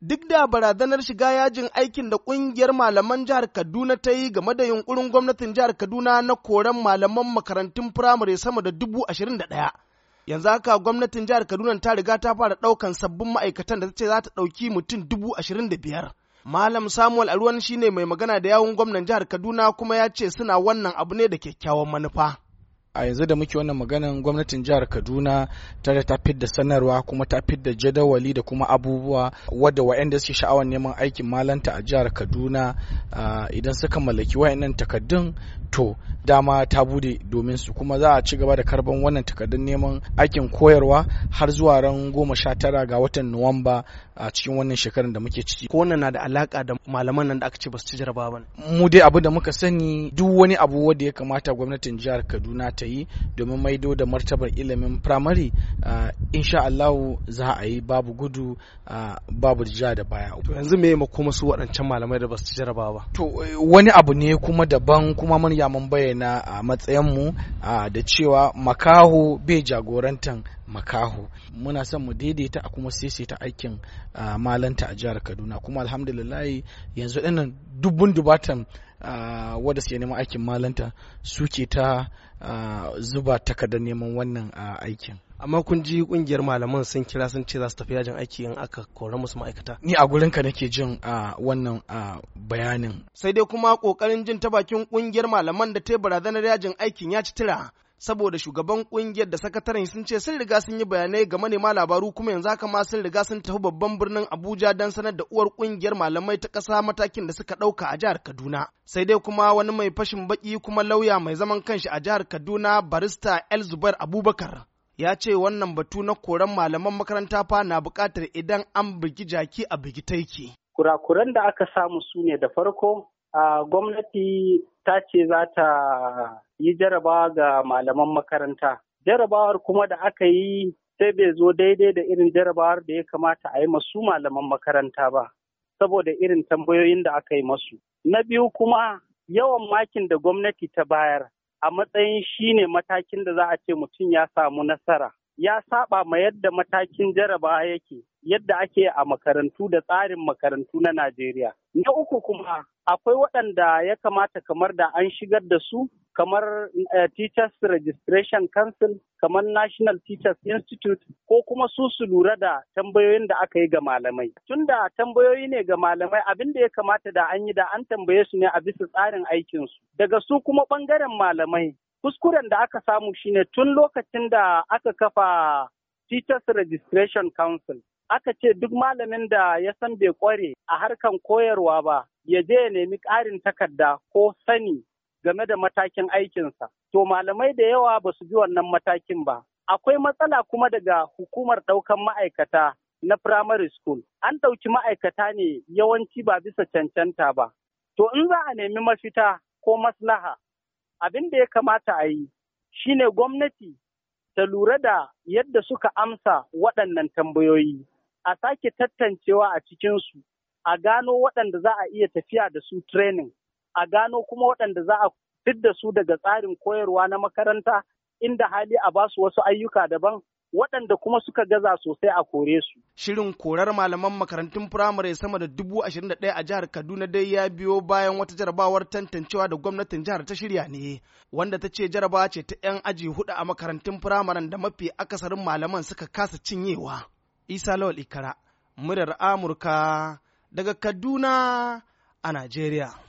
duk da barazanar shiga yajin aikin da ƙungiyar malaman jihar Kaduna ta yi game da yunkurin gwamnatin jihar Kaduna na koren malaman makarantun firamare sama da dubu ashirin da ɗaya. Yanzu haka gwamnatin jihar Kaduna ta riga ta fara ɗaukan sabbin ma'aikatan da ta ce za ta ɗauki mutum dubu ashirin da biyar. Malam Samuel Aruwan shine mai magana da yawun gwamnan jihar Kaduna kuma ya ce suna wannan abu ne da kyakkyawan manufa. a yanzu da muke wannan maganan gwamnatin jihar kaduna ta ta fidda sanarwa kuma ta fidda jadawali da kuma abubuwa wadda wa'anda suke sha'awar neman aikin malanta a jihar kaduna idan suka mallaki wa'annan takaddun to dama ta bude domin su kuma za a ci gaba da karban wannan takaddun neman aikin koyarwa har zuwa ran goma sha tara ga watan nuwamba a cikin wannan shekarar da muke ciki ko wannan na da alaka da malaman nan da aka ce ba su ci jarabawa ba mu dai abu da muka sani duk wani abu wanda ya kamata gwamnatin jihar kaduna ta yi domin maido da martabar ilimin firamare insha Allahu za a yi babu gudu babu ja da baya to yanzu me kuma su waɗancan malamai da ba su jaraba ba to eh, wani abu ne kuma daban kuma mun ya mun bayyana a matsayin mu da cewa makaho bai jagorantan makaho muna son mu daidaita a kuma saisaita aikin malanta a jihar kaduna kuma alhamdulillah yanzu dinnan dubun dubatan wadda suke neman aikin malanta suke ta zuba takardar neman wannan aikin amma kun ji kungiyar malaman sun kira sun ce za su tafi yajin aiki in aka kora musu ma'aikata ni a gurin ka nake jin wannan bayanin sai dai kuma kokarin jin ta bakin kungiyar malaman da ta barazanar yajin aikin ya ci tira saboda shugaban kungiyar da sakataren sun ce sun riga sun yi bayanai ga manema labaru kuma yanzu haka ma sun riga sun tafi babban birnin Abuja don sanar da uwar kungiyar malamai ta ƙasa matakin da suka ɗauka a jihar Kaduna. Sai dai kuma wani mai fashin baki kuma lauya mai zaman kanshi a jihar Kaduna barista El Zubair Abubakar. Ya ce wannan batu na koran malaman makaranta fa na buƙatar idan an bugi jaki a bugi taiki. Kurakuran da aka samu su ne da farko gwamnati ta ce za ta yi jarabawa ga malaman makaranta. Jarabawar kuma da aka yi sai bai zo daidai da irin jarabawar da ya kamata a yi masu malaman makaranta ba, saboda irin tambayoyin da aka yi masu. Na biyu kuma yawan makin da gwamnati ta bayar a matsayin shine matakin da za a ce mutum ya samu nasara. ya saba ma yadda matakin jarabawa yake yadda ake a makarantu da tsarin makarantu na Najeriya. Na uku kuma akwai waɗanda ya kamata kamar da an shigar da su kamar eh, Teachers Registration Council, kamar National Teachers Institute ko kuma su su lura da tambayoyin da aka yi ga malamai. Tunda tambayoyi ne ga malamai abin da ya kamata da an yi da an tambaye su ne a bisa tsarin aikinsu. Daga su kuma ɓangaren malamai kuskuren da aka samu shine tun lokacin da aka kafa Teachers Registration Council aka ce duk malamin da ya san bai kware a harkan koyarwa ba ya je ya nemi ƙarin takarda ko sani game da matakin aikinsa. To malamai da yawa ba su ji wannan matakin ba. Akwai matsala kuma daga hukumar ɗaukan ma'aikata na primary school. An ɗauki ma'aikata ne yawanci ba bisa cancanta ba. To in za a nemi mafita ko maslaha abin da ya kamata a yi shi ne gwamnati ta lura da yadda suka amsa waɗannan tambayoyi a sake tattancewa a cikinsu a gano waɗanda za a iya tafiya da su training a gano kuma waɗanda za a fidda su daga tsarin koyarwa na makaranta inda hali a basu wasu ayyuka daban waɗanda kuma suka gaza sosai a kore su. Shirin korar malaman makarantun firamare sama da dubu ashirin da ɗaya a jihar Kaduna dai ya biyo bayan wata jarabawar tantancewa da gwamnatin jihar ta shirya ne, wanda ta ce jarabawa ce ta 'yan aji hudu a makarantun firamaren da mafi akasarin malaman suka kasa cinyewa. Isa Lawal Ikara, murar Amurka daga Kaduna a Najeriya.